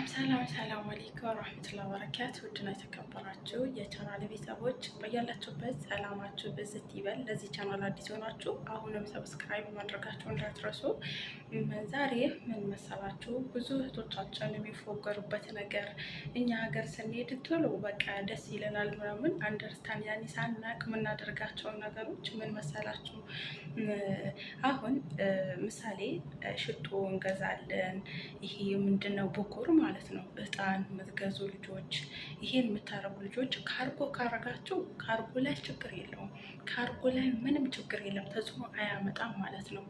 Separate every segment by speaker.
Speaker 1: ሰላም ሰላም ሰላም አለይኩም ወራህመቱላሂ ወበረካቱህ። ውድና የተከበራችሁ የቻናል ቤተሰቦች በያላችሁበት ሰላማችሁ ብዝት ይበል። ለዚህ ቻናል አዲስ የሆናችሁ አሁንም ሰብስክራይብ ማድረጋችሁ እንዳትረሱ። ዛሬ ምን መሰላችሁ፣ ብዙ እህቶቻችን የሚፎገሩበት ነገር እኛ ሀገር ስንሄድ ቶሎ በቃ ደስ ይለናል ምናምን አንደርስታንድ ያኔ ሳናቅ የምናደርጋቸው ነገሮች ምን መሰላችሁ፣ አሁን ምሳሌ ሽቶ እንገዛለን። ይሄ ምንድን ነው ብኩር ማለት ማለት ነው። እጣን የምትገዙ ልጆች፣ ይሄን የምታረጉ ልጆች ካርጎ ካረጋችሁ ካርጎ ላይ ችግር የለውም። ካርጎ ላይ ምንም ችግር የለም፣ ተጽዕኖ አያመጣም ማለት ነው።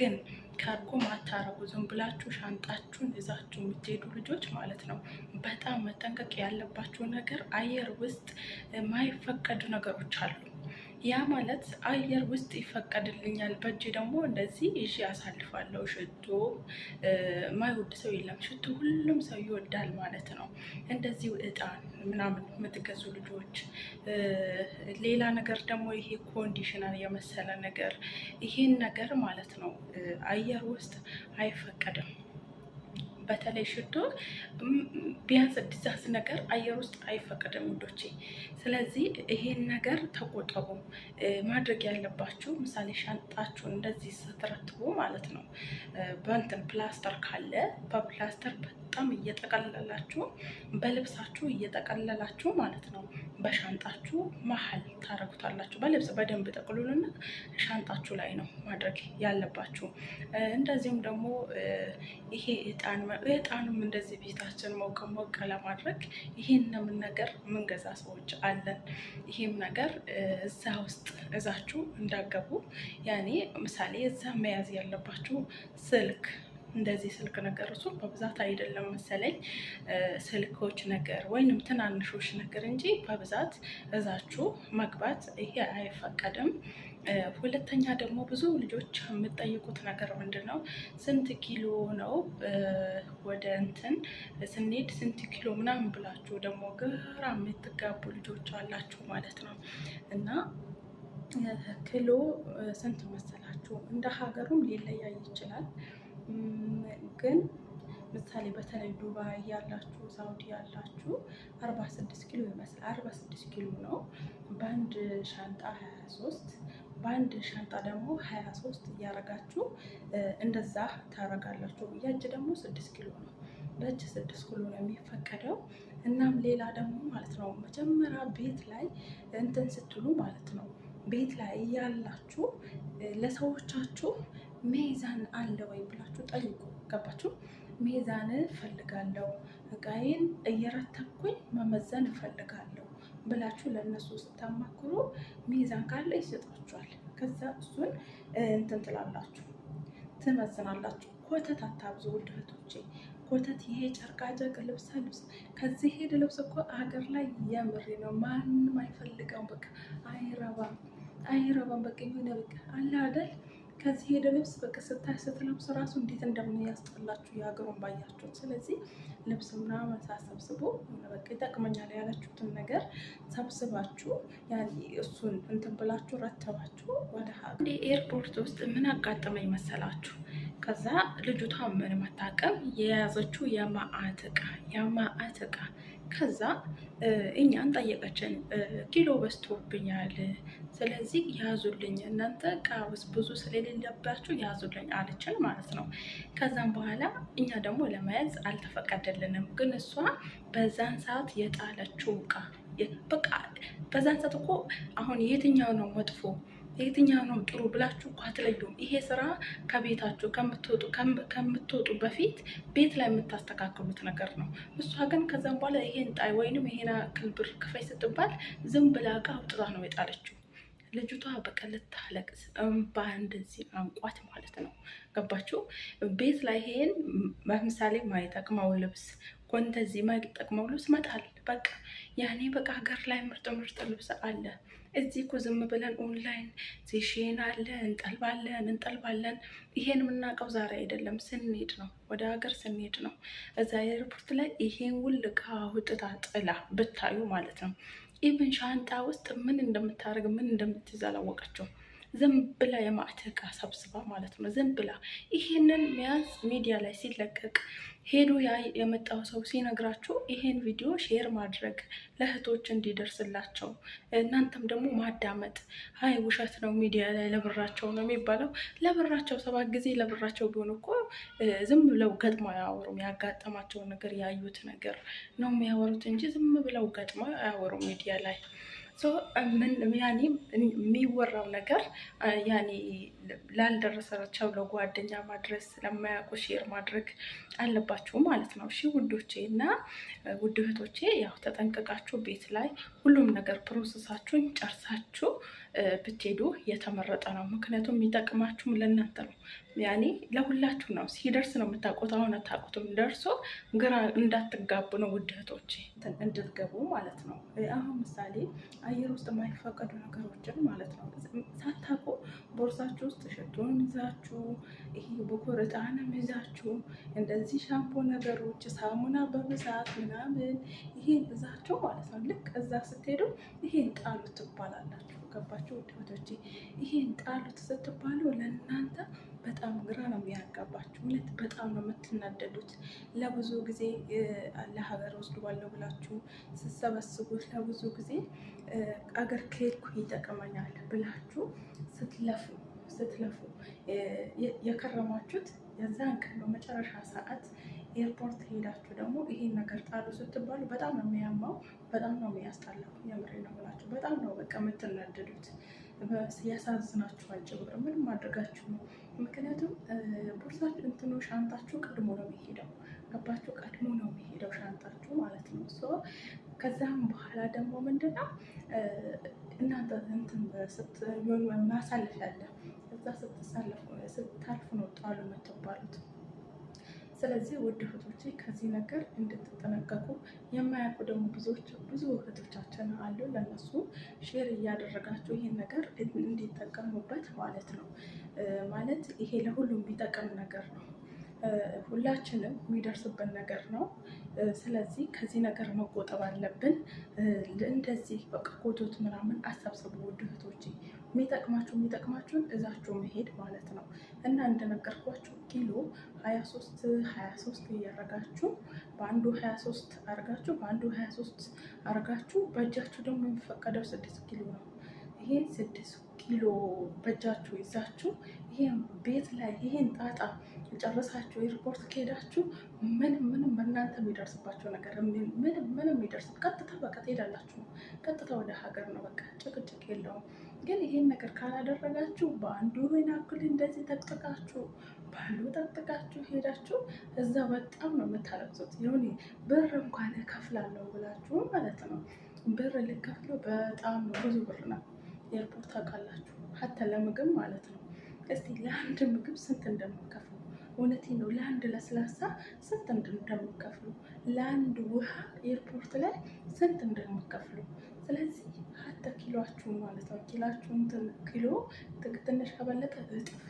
Speaker 1: ግን ካርጎ ማታረጉ ዝም ብላችሁ ሻንጣችሁን ይዛችሁ የምትሄዱ ልጆች ማለት ነው በጣም መጠንቀቅ ያለባችሁ ነገር አየር ውስጥ ማይፈቀዱ ነገሮች አሉ። ያ ማለት አየር ውስጥ ይፈቀድልኛል። በእጅ ደግሞ እንደዚህ እዥ አሳልፋለሁ። ሽቶ ማይወድ ሰው የለም። ሽቶ ሁሉም ሰው ይወዳል ማለት ነው። እንደዚህ እጣን ምናምን የምትገዙ ልጆች፣ ሌላ ነገር ደግሞ ይሄ ኮንዲሽነር የመሰለ ነገር ይሄን ነገር ማለት ነው አየር ውስጥ አይፈቀድም። በተለይ ሽቶ ቢያንስ ዲዛዝ ነገር አየር ውስጥ አይፈቀድም ውዶቼ። ስለዚህ ይሄን ነገር ተቆጠቡ። ማድረግ ያለባችሁ ምሳሌ ሻንጣችሁን እንደዚህ ስትረትቡ ማለት ነው በንትን ፕላስተር ካለ በፕላስተር በጣም እየጠቀለላችሁ በልብሳችሁ እየጠቀለላችሁ ማለት ነው በሻንጣችሁ መሀል ታረጉታላችሁ። በልብስ በደንብ ጠቅሉንና ሻንጣችሁ ላይ ነው ማድረግ ያለባችሁ። እንደዚሁም ደግሞ ይሄ እጣን እጣንም እንደዚህ ቤታችን ሞቅ ሞቅ ለማድረግ ይህንም ነገር ምንገዛ ሰዎች አለን። ይህም ነገር እዛ ውስጥ እዛችሁ እንዳገቡ ያኔ ምሳሌ እዛ መያዝ ያለባችሁ ስልክ እንደዚህ ስልክ ነገር እሱ በብዛት አይደለም መሰለኝ ስልኮች ነገር ወይንም ትናንሾች ነገር እንጂ በብዛት እዛችሁ መግባት ይሄ አይፈቀድም። ሁለተኛ ደግሞ ብዙ ልጆች የምጠይቁት ነገር ምንድን ነው፣ ስንት ኪሎ ነው ወደ እንትን ስንሄድ ስንት ኪሎ ምናምን ብላችሁ ደግሞ ግራ የምትጋቡ ልጆች አላችሁ ማለት ነው እና ኪሎ ስንት መሰላችሁ? እንደ ሀገሩም ሊለያይ ይችላል። ግን ምሳሌ በተለይ ዱባይ ያላችሁ፣ ሳውዲ ያላችሁ አርባ ስድስት ኪሎ ይመስላል። አርባ ስድስት ኪሎ ነው በአንድ ሻንጣ ሀያ ሶስት በአንድ ሻንጣ ደግሞ ሀያ ሶስት እያረጋችሁ እንደዛ ታረጋላችሁ። የእጅ ደግሞ ስድስት ኪሎ ነው። በእጅ ስድስት ኪሎ ነው የሚፈቀደው። እናም ሌላ ደግሞ ማለት ነው መጀመሪያ ቤት ላይ እንትን ስትሉ ማለት ነው ቤት ላይ ያላችሁ ለሰዎቻችሁ ሜዛን አለ ወይ ብላችሁ ጠይቁ። ገባችሁ? ሜዛን እፈልጋለሁ፣ እቃዬን እየረተኩኝ መመዘን እፈልጋለሁ ብላችሁ ለእነሱ ስታማክሩ ሚዛን ካለ ይሰጣችኋል። ከዛ እሱን እንትን ትላላችሁ፣ ትመዝናላችሁ። ኮተት አታብዙ ውድ እህቶቼ። ኮተት ይሄ ጨርቃጨርቅ ልብሰ ልብስ ከዚህ ሄድ ልብስ እኮ ሀገር ላይ የምሬ ነው ማንም አይፈልገውም። በቃ አይረባም አይረባም። በቃ የሆነ በቃ አለ አይደል ከዚህ ሄደ ልብስ በቃ ስታይ ስትለብሱ ራሱ እንዴት እንደሚያስጠላችሁ የሀገሩን ባያችሁት። ስለዚህ ልብስ ምናምን ሳሰብስቦ በቃ ይጠቅመኛል ያላችሁትን ነገር ሰብስባችሁ እሱን እንትን ብላችሁ ረተባችሁ ወደ ሀገር ኤርፖርት ውስጥ ምን አጋጠመኝ መሰላችሁ? ከዛ ልጅቷ ምን መታቀም የያዘችው የማአት ዕቃ የማአት ዕቃ ከዛ እኛን ጠየቀችን። ኪሎ በዝቶብኛል፣ ስለዚህ ያዙልኝ፣ እናንተ ቃውስ ብዙ ስለሌለባችሁ ያዙልኝ አለችን ማለት ነው። ከዛም በኋላ እኛ ደግሞ ለመያዝ አልተፈቀደልንም። ግን እሷ በዛን ሰዓት የጣለችው እቃ በቃ በዛን ሰዓት እኮ አሁን የትኛው ነው መጥፎ የትኛው ነው ጥሩ ብላችሁ እኮ አትለዩም። ይሄ ስራ ከቤታችሁ ከምትወጡ በፊት ቤት ላይ የምታስተካክሉት ነገር ነው። እሷ ግን ከዛም በኋላ ይሄን ጣይ ወይንም ይሄን ክልብር ብር ክፈይ ስትባል ዝም ብላ ዕቃ አውጥታ ነው የጣለችው። ልጅቷ በቃ ልታለቅስ እምባ እንደዚህ አንቋት ማለት ነው። ገባችሁ? ቤት ላይ ይሄን በምሳሌ ማይጠቅመው ልብስ ሆን ተዚህ ጠቅመው ልብስ መጣል በቃ ያኔ በቃ ሀገር ላይ ምርጥ ምርጥ ልብስ አለ። እዚህ እኮ ዝም ብለን ኦንላይን ሴሽን አለ እንጠልባለን እንጠልባለን። ይሄን የምናውቀው ዛሬ አይደለም፣ ስንሄድ ነው ወደ ሀገር ስንሄድ ነው። እዛ ኤርፖርት ላይ ይሄን ውል ካውጥታ ጥላ ብታዩ ማለት ነው ኢቭን ሻንጣ ውስጥ ምን እንደምታደርግ ምን እንደምትይዝ አላወቀችው። ዝም ብላ የማዕተቃ ሰብስባ ማለት ነው። ዝም ብላ ይሄንን መያዝ ሚዲያ ላይ ሲለቀቅ ሄዶ የመጣው ሰው ሲነግራችሁ ይሄን ቪዲዮ ሼር ማድረግ ለእህቶች እንዲደርስላቸው እናንተም ደግሞ ማዳመጥ። አይ ውሸት ነው ሚዲያ ላይ ለብራቸው ነው የሚባለው። ለብራቸው ሰባት ጊዜ ለብራቸው ቢሆን እኮ ዝም ብለው ገጥሞ አያወሩም። ያጋጠማቸውን ነገር ያዩት ነገር ነው የሚያወሩት እንጂ ዝም ብለው ገጥሞ አያወሩም ሚዲያ ላይ ያኔ የሚወራው ነገር ያኔ ላልደረሰቸው ለጓደኛ ማድረስ ለማያውቁ ሼር ማድረግ አለባችሁ ማለት ነው። እሺ ውዶቼ እና ውድ እህቶቼ ያው ተጠንቀቃችሁ ቤት ላይ ሁሉም ነገር ፕሮሰሳችሁን ጨርሳችሁ ብትሄዱ የተመረጠ ነው። ምክንያቱም የሚጠቅማችሁም ለእናንተ ነው። ያኔ ለሁላችሁ ነው። ሲደርስ ነው የምታውቁት። አሁን አታውቁትም። ደርሶ ግራ እንዳትጋቡ ነው ውድ እንድትገቡ ማለት ነው። አሁን ምሳሌ አየር ውስጥ የማይፈቀዱ ነገሮችን ማለት ነው ሳታውቁ ቦርሳችሁ ውስጥ ሽቶን ይዛችሁ፣ ይሄ ብኩር እጣንም ይዛችሁ፣ እንደዚህ ሻምፖ ነገሮች፣ ሳሙና በብዛት ምናምን ይሄን ይዛችሁ ማለት ነው። ልክ እዛ ስትሄዱ ይሄን ጣሉ ትባላላችሁ። ያልገባችሁ ውድ እህቶቼ ይሄን ጣሉት ስትባሉ ለእናንተ በጣም ግራ ነው የሚያጋባችሁ። እውነት በጣም ነው የምትናደዱት። ለብዙ ጊዜ ለሀገር ባለው ብላችሁ ስትሰበስቡት፣ ለብዙ ጊዜ አገር ከሄድኩ ይጠቅመኛል ብላችሁ ስትለፉ ስትለፉ የከረማችሁት የዛን ቀን በመጨረሻ ሰዓት ኤርፖርት ሄዳችሁ ደግሞ ይሄን ነገር ጣሉ ስትባሉ በጣም ነው የሚያማው፣ በጣም ነው የሚያስጠላው። የምሬ ነው ብላችሁ በጣም ነው በቃ የምትናደዱት፣ ያሳዝናችኋል ጭምር። ምንም አድርጋችሁ ነው። ምክንያቱም ቦርሳችሁ እንትኑ ሻንጣችሁ ቀድሞ ነው የሚሄደው፣ ገባችሁ? ቀድሞ ነው የሚሄደው ሻንጣችሁ ማለት ነው። ሶ ከዛም በኋላ ደግሞ ምንድነው እናንተ እንትን ማሳለፍ ያለ እዛ ስትሳለፉ ስታልፉ ነው ጣሉ የምትባሉት። ስለዚህ ውድ እህቶቼ ከዚህ ነገር እንድትጠነቀቁ የማያውቁ ደግሞ ብዙዎች ብዙ እህቶቻችን አሉ። ለነሱ ሼር እያደረጋችሁ ይህን ነገር እንዲጠቀሙበት ማለት ነው። ማለት ይሄ ለሁሉም ቢጠቅም ነገር ነው። ሁላችንም የሚደርስብን ነገር ነው። ስለዚህ ከዚህ ነገር መቆጠብ አለብን። እንደዚህ በቃ ኮቶት ምናምን አሰብስቡ ውድ እህቶቼ። የሚጠቅማችሁ የሚጠቅማችሁን እዛችሁ መሄድ ማለት ነው እና እንደነገርኳችሁ ኪሎ 23 23 እያረጋችሁ በአንዱ 23 አርጋችሁ በአንዱ 23 አርጋችሁ በእጃችሁ ደግሞ የሚፈቀደው ስድስት ኪሎ ነው። ይሄን ስድስት ኪሎ በእጃችሁ ይዛችሁ ይሄ ቤት ላይ ይሄን ጣጣ ጨረሳችሁ ኤርፖርት ከሄዳችሁ ምንም ምንም በእናንተ የሚደርስባቸው ነገር ምንም ምንም የሚደርስ ቀጥታ በቃ ትሄዳላችሁ ነው፣ ቀጥታ ወደ ሀገር ነው። በቃ ጭቅጭቅ የለውም። ግን ይሄን ነገር ካላደረጋችሁ በአንዱ ይናክል እንደዚህ ጠቅጥቃችሁ ባሉ ጠቅጥቃችሁ ሄዳችሁ እዛ በጣም ነው የምታለቅሱት። ይሁን ብር እንኳን እከፍላለሁ ብላችሁ ማለት ነው ብር ልከፍለው በጣም ነው ብዙ ብር ነው። ኤርፖርት ታውቃላችሁ፣ ሀተ ለምግብ ማለት ነው። እስቲ ለአንድ ምግብ ስንት እንደምከፍል እውነቴ ነው። ለአንድ ለስላሳ ስንት እንደምከፍሉ፣ ለአንድ ውሃ ኤርፖርት ላይ ስንት እንደምከፍሉ። ስለዚህ ሀተ ኪሏችሁን ማለት ነው ኪሏችሁን ኪሎ ትንሽ ከበለጠ እጥፍ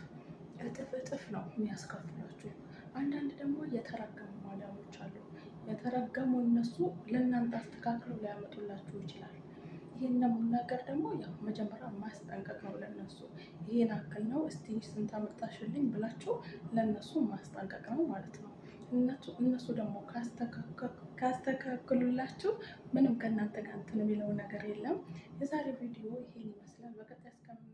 Speaker 1: እጥፍ እጥፍ ነው የሚያስከፍሏችሁ። አንዳንድ ደግሞ የተረገሙ ማዳሞች አሉ። የተረገሙ እነሱ ለእናንተ አስተካክለው ሊያመጡላችሁ ይችላል። ይህን ነገር ደግሞ ያው መጀመሪያ ማስጠንቀቅ ነው ለነሱ። ይህን አክል ነው እስቲ ስንት አመጣሽልኝ ብላችሁ ለነሱ ማስጠንቀቅ ነው ማለት ነው። እነሱ ደግሞ ካስተካክሉላችሁ ምንም ከእናንተ ጋር እንትን የሚለው ነገር የለም። የዛሬ ቪዲዮ ይሄን ይመስላል። በቀጣይ እስከምን